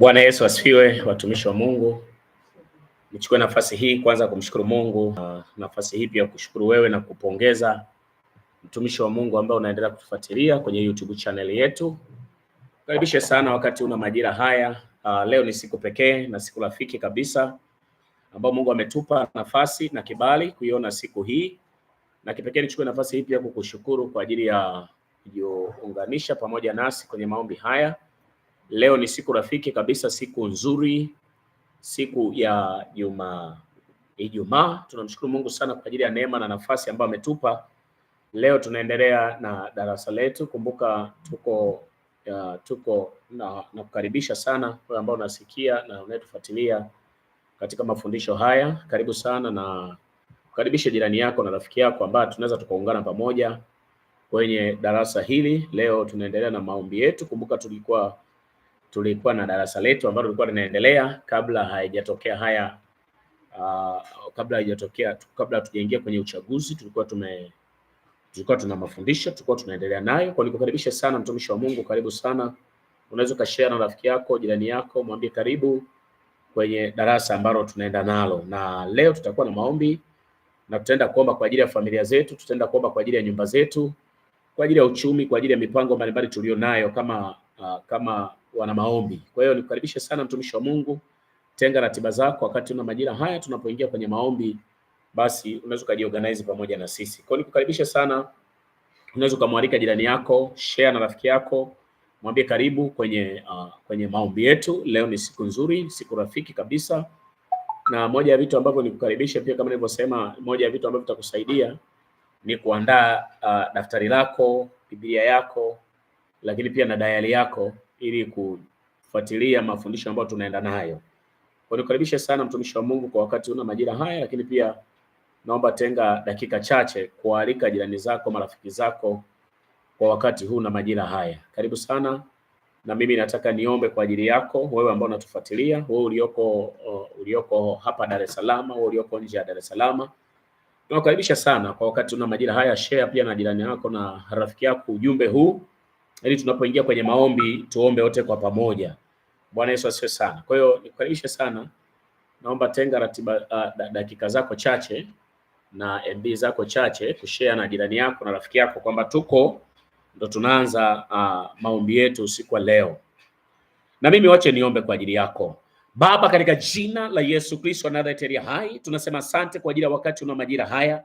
Bwana Yesu asifiwe, watumishi wa Mungu. Nichukue nafasi hii kwanza kumshukuru Mungu, nafasi hii pia kushukuru wewe na kupongeza mtumishi wa Mungu ambaye unaendelea kutufuatilia kwenye YouTube channel yetu. Karibishe sana wakati una majira haya. Uh, leo ni siku pekee na siku rafiki kabisa ambao Mungu ametupa nafasi na kibali kuiona siku hii, na kipekee nichukue nafasi hii pia kukushukuru kwa ajili ya kujiunganisha pamoja nasi kwenye maombi haya Leo ni siku rafiki kabisa, siku nzuri, siku ya juma Ijumaa. Tunamshukuru Mungu sana kwa ajili ya neema na nafasi ambayo ametupa. Leo tunaendelea na darasa letu. Kumbuka tuko ya, tuko na nakukaribisha sana wewe ambao unasikia na unayetufuatilia katika mafundisho haya, karibu sana na karibisha jirani yako na rafiki yako ambaye tunaweza tukaungana pamoja kwenye darasa hili. Leo tunaendelea na maombi yetu. Kumbuka tulikuwa tulikuwa na darasa letu ambalo lilikuwa linaendelea kabla haijatokea haya uh, kabla haijatokea kabla hatujaingia kwenye uchaguzi, tulikuwa tume tulikuwa tuna mafundisho tulikuwa tunaendelea nayo. Kwa nikukaribisha sana mtumishi wa Mungu, karibu sana. Unaweza ukashare na rafiki yako, jirani yako, mwambie karibu kwenye darasa ambalo tunaenda nalo, na leo tutakuwa na maombi na tutaenda kuomba kwa ajili ya familia zetu, tutaenda kuomba kwa ajili ya nyumba zetu, kwa ajili ya uchumi, kwa ajili ya mipango mbalimbali tulionayo kama uh, kama wana maombi. Kwa hiyo nikukaribishe sana mtumishi wa Mungu, tenga ratiba zako wakati una majira haya tunapoingia kwenye maombi, basi unaweza ukajiorganize pamoja na sisi. Kwa hiyo nikukaribishe sana, unaweza ukamwalika jirani yako, share na rafiki yako, mwambie karibu kwenye uh, kwenye maombi yetu. Leo ni siku nzuri, siku rafiki kabisa, na moja ya vitu ambavyo nikukaribisha pia, kama nilivyosema, moja ya vitu ambavyo vitakusaidia ni kuandaa uh, daftari lako, Biblia yako, lakini pia na dayali yako ili kufuatilia mafundisho ambayo tunaenda nayo. Kwa nikukaribishe sana mtumishi wa Mungu kwa wakati una majira haya, lakini pia naomba tenga dakika chache kualika jirani zako, marafiki zako kwa wakati huu na majira haya. Karibu sana na mimi nataka niombe kwa ajili yako wewe ambao unatufuatilia, wewe ulioko uh, ulioko hapa Dar es Salaam, wewe ulioko nje ya Dar es Salaam. Nakukaribisha sana kwa wakati una majira haya, share pia na jirani yako na rafiki yako ujumbe huu ili yaani tunapoingia kwenye maombi tuombe wote kwa pamoja. Bwana Yesu asifiwe sana. Kwa hiyo nikukaribishe sana, naomba tenga ratiba uh, dakika zako chache na MB zako chache kushare na jirani yako na rafiki yako kwamba tuko ndo tunaanza uh, maombi yetu usiku wa leo, na mimi wache niombe kwa ajili yako. Baba, katika jina la Yesu Kristo wa Nazareti aliye hai, tunasema asante kwa ajili ya wakati una majira haya.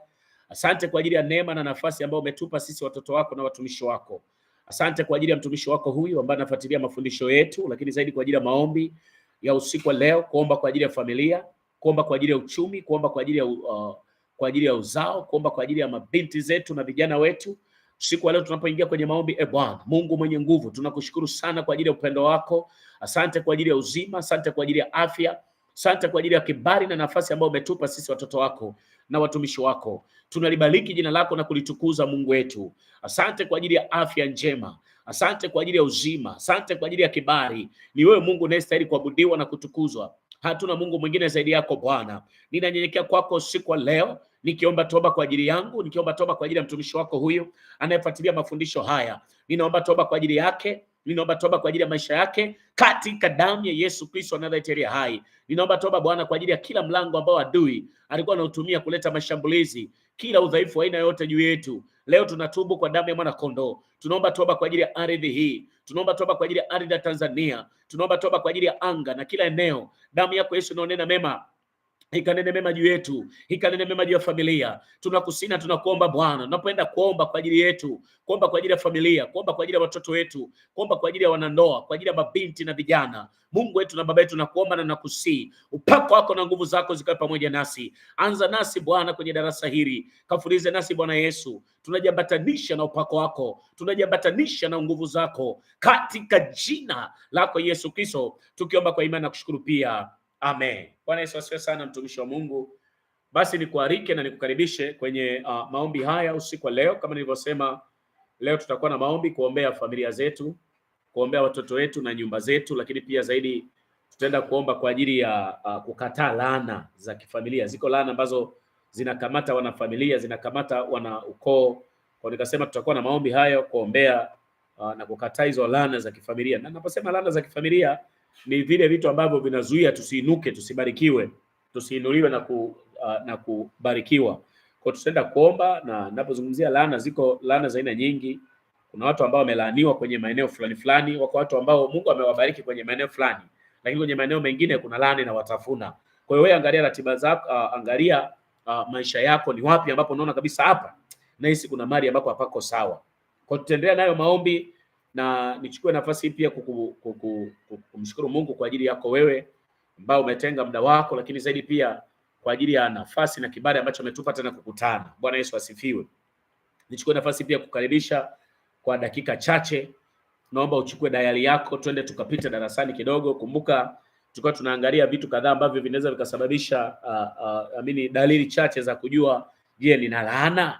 Asante kwa ajili ya neema na nafasi ambayo umetupa sisi watoto wako na watumishi wako Asante kwa ajili ya mtumishi wako huyu ambaye anafuatilia mafundisho yetu, lakini zaidi kwa ajili ya maombi ya usiku wa leo, kuomba kwa ajili ya familia, kuomba kwa ajili ya uchumi, kuomba kwa ajili ya uh, kwa ajili ya uzao, kuomba kwa ajili ya mabinti zetu na vijana wetu. Usiku wa leo tunapoingia kwenye maombi, e Bwana Mungu mwenye nguvu, tunakushukuru sana kwa ajili ya upendo wako. Asante kwa ajili ya uzima, asante kwa ajili ya afya Asante kwa ajili ya kibali na nafasi ambayo umetupa sisi watoto wako na watumishi wako. Tunalibariki jina lako na kulitukuza Mungu wetu. Asante kwa ajili ya afya njema, asante kwa ajili ya uzima, asante kwa ajili ya kibali. Ni wewe Mungu unayestahili kuabudiwa na kutukuzwa. Hatuna Mungu mwingine zaidi yako Bwana. Ninanyenyekea kwako usiku wa leo nikiomba toba kwa ajili yangu, nikiomba toba kwa ajili ya mtumishi wako huyu anayefuatilia mafundisho haya. Ninaomba toba kwa ajili yake Ninaomba toba kwa ajili ya maisha yake katika damu ya Yesu Kristo anayetetea hai. Ninaomba toba Bwana kwa ajili ya kila mlango ambao adui alikuwa anautumia kuleta mashambulizi, kila udhaifu aina yote juu yetu. Leo tunatubu kwa damu ya mwana kondoo. Tunaomba toba kwa ajili ya ardhi hii. Tunaomba toba kwa ajili ya ardhi ya Tanzania. Tunaomba toba kwa ajili ya anga na kila eneo. Damu yako Yesu inaonena mema ikanene mema juu yetu, ikanene mema juu ya familia. Tunakusina, tunakuomba Bwana, tunapoenda kuomba kwa ajili yetu, kuomba kwa ajili ya familia, kuomba kwa ajili ya watoto wetu, kuomba kwa ajili ya wanandoa, kwa ajili ya mabinti na vijana. Mungu wetu na Baba yetu, nakuomba na nakusii, upako wako na nguvu zako zikawe pamoja nasi. Anza nasi Bwana kwenye darasa hili, kafurize nasi Bwana Yesu, tunajiambatanisha na upako wako, tunajiambatanisha na nguvu zako, katika jina lako Yesu Kristo tukiomba kwa imani na kushukuru pia Amen. Bwana Yesu asifiwe sana, mtumishi wa Mungu. Basi nikualike na nikukaribishe kwenye uh, maombi haya usiku wa leo. Kama nilivyosema, leo tutakuwa na maombi kuombea familia zetu, kuombea watoto wetu na nyumba zetu, lakini pia zaidi tutaenda kuomba kwa ajili ya uh, kukataa laana za kifamilia. Ziko laana ambazo zinakamata wanafamilia, zinakamata wana ukoo. Kwa nikasema tutakuwa na maombi hayo kuombea uh, na kukataa hizo laana za kifamilia, na naposema laana za kifamilia ni vile vitu ambavyo vinazuia tusiinuke, tusibarikiwe, tusiinuliwe na, ku, uh, na kubarikiwa. Kwa tutaenda kuomba, na ninapozungumzia laana, ziko laana za aina nyingi. Kuna watu ambao wamelaaniwa kwenye maeneo fulani fulani, wako watu ambao Mungu amewabariki kwenye maeneo fulani, lakini kwenye maeneo mengine kuna laana inawatafuna. Kwa hiyo wewe angalia ratiba zako, uh, angalia uh, maisha yako, ni wapi ambapo unaona kabisa hapa nahisi kuna mali ambapo hapako sawa. Kwa tutaendelea nayo maombi na nichukue nafasi hii pia kumshukuru Mungu kwa ajili yako wewe ambao umetenga muda wako, lakini zaidi pia kwa ajili ya nafasi na kibali ambacho umetupa tena kukutana. Bwana Yesu asifiwe. Nichukue nafasi pia kukaribisha kwa dakika chache, naomba uchukue dayari yako, twende tukapita darasani kidogo. Kumbuka tulikuwa tunaangalia vitu kadhaa ambavyo vinaweza vikasababisha uh, uh, amini dalili chache za kujua, je, nina laana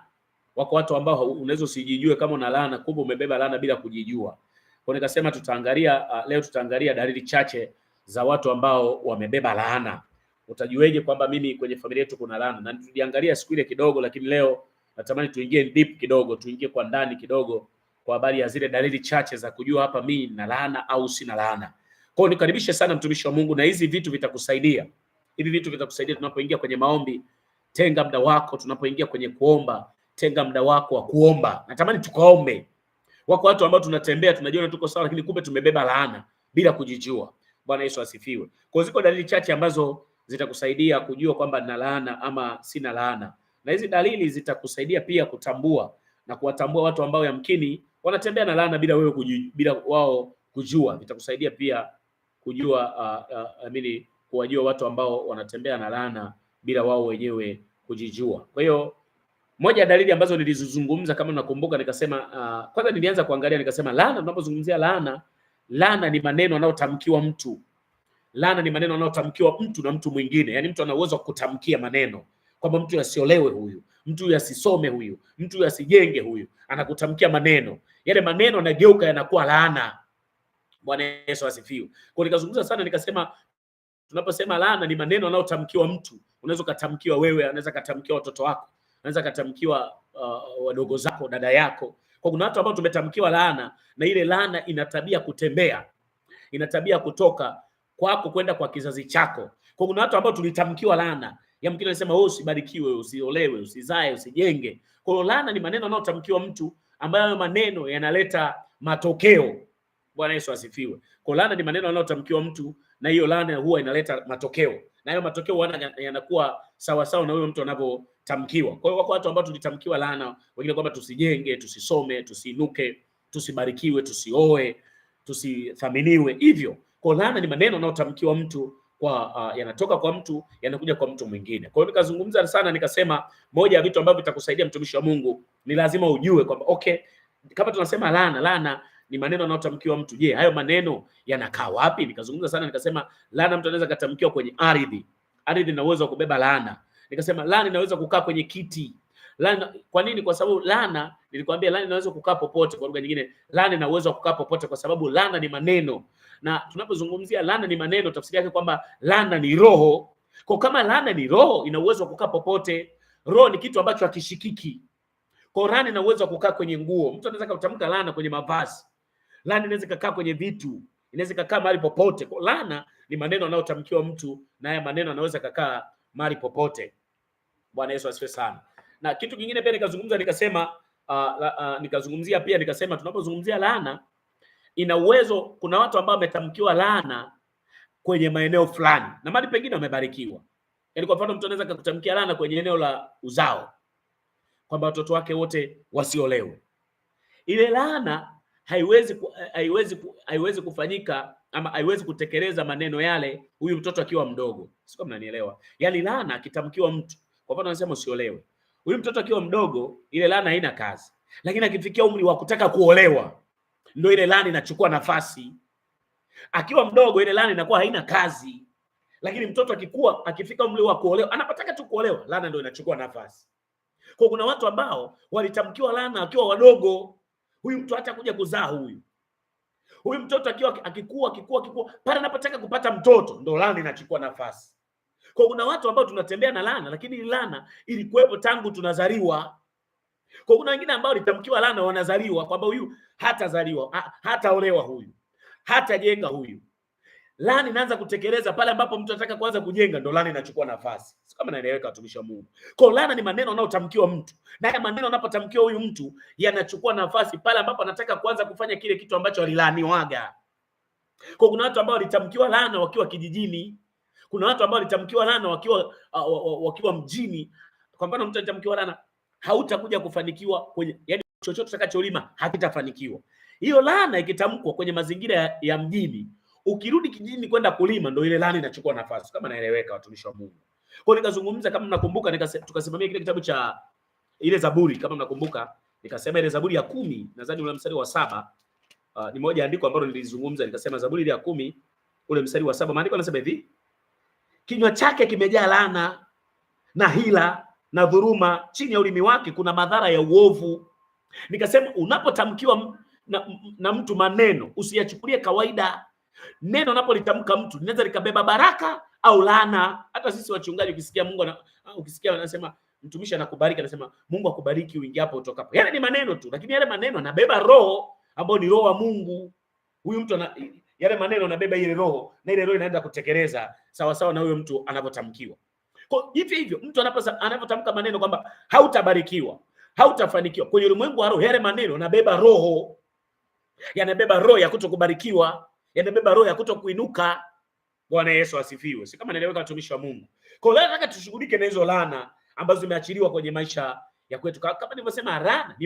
Wako watu ambao unaweza usijijue kama una laana, kumbe umebeba laana bila kujijua. Kwa nikasema tutaangalia uh, leo tutaangalia dalili chache za watu ambao wamebeba laana. Utajueje kwamba mimi kwenye familia yetu kuna laana? Na tuliangalia siku ile kidogo, lakini leo natamani tuingie deep kidogo, tuingie kwa ndani kidogo kwa habari ya zile dalili chache za kujua hapa mimi na laana au sina laana. Kwa hiyo nikaribishe sana mtumishi wa Mungu, na hizi vitu vitakusaidia. Hivi vitu vitakusaidia tunapoingia kwenye maombi. Tenga muda wako tunapoingia kwenye kuomba tenga muda wako wa kuomba. Natamani tukaombe. Wako watu ambao tunatembea tunajiona tuko sawa, lakini kumbe tumebeba laana bila kujijua. Bwana Yesu asifiwe. Kwa ziko dalili chache ambazo zitakusaidia kujua kwamba nina laana ama sina laana, na hizi dalili zitakusaidia pia kutambua na kuwatambua watu ambao yamkini wanatembea na laana bila wewe bila wao kujua. Vitakusaidia pia kujua uh, uh, amini kuwajua watu ambao wanatembea na laana bila wao wenyewe kujijua. Kwa hiyo moja ya dalili ambazo nilizozungumza kama nakumbuka, nikasema uh, kwanza nilianza kuangalia nikasema, laana, tunapozungumzia laana, laana ni maneno anayotamkiwa mtu. Laana ni maneno anayotamkiwa mtu na mtu mwingine, Yani mtu ana uwezo wa kutamkia maneno kwamba mtu asiolewe huyu, mtu huyu asisome huyu, mtu huyu asijenge huyu, anakutamkia maneno yale, maneno yanageuka yanakuwa laana. Bwana Yesu asifiwe. Kwa nikazungumza sana, nikasema tunaposema laana ni maneno anayotamkiwa mtu, unaweza ukatamkiwa wewe, anaweza katamkiwa watoto wako anaweza akatamkiwa uh, wadogo zako, dada yako. Kwa kuna watu ambao tumetamkiwa laana na ile laana ina tabia kutembea, ina tabia kutoka kwako kwenda kwa kizazi chako. Kwa kuna watu ambao tulitamkiwa laana ya yamkini anasema wewe oh, usibarikiwe, usiolewe, usizae, usijenge. Kwa hiyo laana ni maneno anayotamkiwa mtu ambayo hayo maneno yanaleta matokeo. Bwana Yesu asifiwe. Kwa laana ni maneno anayotamkiwa mtu na hiyo laana huwa inaleta matokeo, na hayo matokeo yanakuwa sawasawa na huyo mtu anavyotamkiwa. Kwa hiyo wako watu ambao tulitamkiwa laana wengine kwamba tusijenge, tusisome, tusiinuke, tusibarikiwe, tusioe, tusithaminiwe hivyo. Kwa laana ni maneno yanayotamkiwa mtu kwa uh, yanatoka kwa mtu yanakuja kwa mtu mwingine. Kwa hiyo nikazungumza sana nikasema, moja ya vitu ambavyo vitakusaidia mtumishi wa Mungu ni lazima ujue kwamba okay, kama tunasema laana, laana ni maneno yanayotamkiwa mtu. Je, hayo maneno yanakaa wapi? Nikazungumza sana nikasema, laana mtu anaweza katamkiwa kwenye ardhi ardhi ina uwezo wa kubeba laana. Nikasema laana inaweza kukaa kwenye kiti. Laana kwa nini? Kwa sababu laana, nilikwambia laana inaweza kukaa popote. Kwa lugha nyingine, laana ina uwezo wa kukaa popote, kwa sababu laana ni maneno, na tunapozungumzia laana ni maneno, tafsiri yake kwamba laana ni roho. Kwa kama laana ni roho, ina uwezo wa kukaa popote. Roho ni kitu ambacho hakishikiki. Kwa laana ina uwezo wa kukaa kwenye nguo. Mtu anaweza kutamka laana kwenye mavazi, laana inaweza kukaa kwenye vitu, inaweza kukaa mahali popote. Kwa laana ni maneno anayotamkiwa mtu na haya maneno anaweza kakaa mali popote. Bwana Yesu asifiwe sana. Na kitu kingine pia nikazungumza nikasema uh, uh, nikazungumzia pia nikasema tunapozungumzia laana ina uwezo, kuna watu ambao wametamkiwa laana kwenye maeneo fulani na mali pengine wamebarikiwa. Yaani kwa mfano mtu anaweza kukutamkia laana kwenye eneo la uzao kwamba watoto wake wote wasiolewe. Ile laana haiwezi eh, haiwezi haiwezi kufanyika ama haiwezi kutekeleza maneno yale huyu mtoto akiwa mdogo. Sio, mnanielewa? Yaani laana akitamkiwa mtu, kwa mfano anasema usiolewe, huyu mtoto akiwa mdogo, ile laana haina kazi, lakini akifikia umri wa kutaka kuolewa, ndio ile laana inachukua nafasi. Akiwa mdogo, ile laana inakuwa haina kazi, lakini mtoto akikua, akifika umri wa kuolewa, anapataka tu kuolewa, laana ndio inachukua nafasi. Kwa kuna watu ambao walitamkiwa laana akiwa wadogo, huyu mtu hata kuja kuzaa huyu Huyu mtoto akiwa akikua akikua akikua pale anapotaka kupata mtoto ndo lana inachukua nafasi. Kwa kuna watu ambao tunatembea na lana lakini lana ilikuwepo tangu tunazaliwa. Kwa kuna wengine ambao litamkiwa lana wanazaliwa kwamba huyu hatazaliwa, hataolewa, huyu hatajenga, huyu Lani inaanza kutekeleza pale ambapo mtu anataka kuanza kujenga, ndo lani inachukua nafasi. Si kama naeleweka, watumishi wa Mungu? Kwa laana ni maneno anayotamkiwa mtu, na haya maneno anapotamkiwa huyu mtu yanachukua nafasi pale ambapo anataka kuanza kufanya kile kitu ambacho alilaaniwaga. Kwa kuna watu ambao walitamkiwa lana wakiwa kijijini, kuna watu ambao walitamkiwa lana wakiwa uh, wakiwa mjini. Kwa mfano, mtu alitamkiwa lana, hautakuja kufanikiwa kwenye, yani chochote utakacholima hakitafanikiwa. Hiyo lana ikitamkwa kwenye mazingira ya, ya mjini Ukirudi kijijini kwenda kulima, ndo ile lani inachukua nafasi, kama naeleweka, watumishi wa Mungu. Kwa nikazungumza kama mnakumbuka, tukasimamia kile kitabu cha ile Zaburi, kama mnakumbuka, nikasema ile Zaburi ya kumi, nadhani ule mstari wa saba uh, ni moja andiko ambalo nilizungumza, nikasema Zaburi ile ya kumi ule mstari wa saba maandiko yanasema hivi, kinywa chake kimejaa laana na hila na dhuruma, chini ya ulimi wake kuna madhara ya uovu. Nikasema unapotamkiwa na, na mtu maneno usiyachukulie kawaida Neno unapolitamka mtu linaweza likabeba baraka au laana. Hata sisi wachungaji, ukisikia Mungu na, uh, ah, ukisikia anasema mtumishi anakubariki, anasema Mungu akubariki uingiapo utokapo, yale ni maneno tu, lakini yale maneno anabeba roho ambayo ni roho wa Mungu. Huyu mtu ana, yale maneno anabeba ile roho na ile roho inaenda kutekeleza sawa sawa na huyo mtu anavyotamkiwa. Kwa hivyo hivyo mtu anapotamka maneno kwamba hautabarikiwa, hautafanikiwa kwenye ulimwengu wa roho, yale maneno yanabeba roho, yanabeba roho ya kutokubarikiwa yanabeba roho ya kuto kuinuka. Bwana Yesu asifiwe, si kama naeleweka, watumishi wa Mungu. Kwa hiyo nataka tushughulike na hizo laana ambazo zimeachiliwa kwenye maisha ya kwetu, kama nilivyosema laana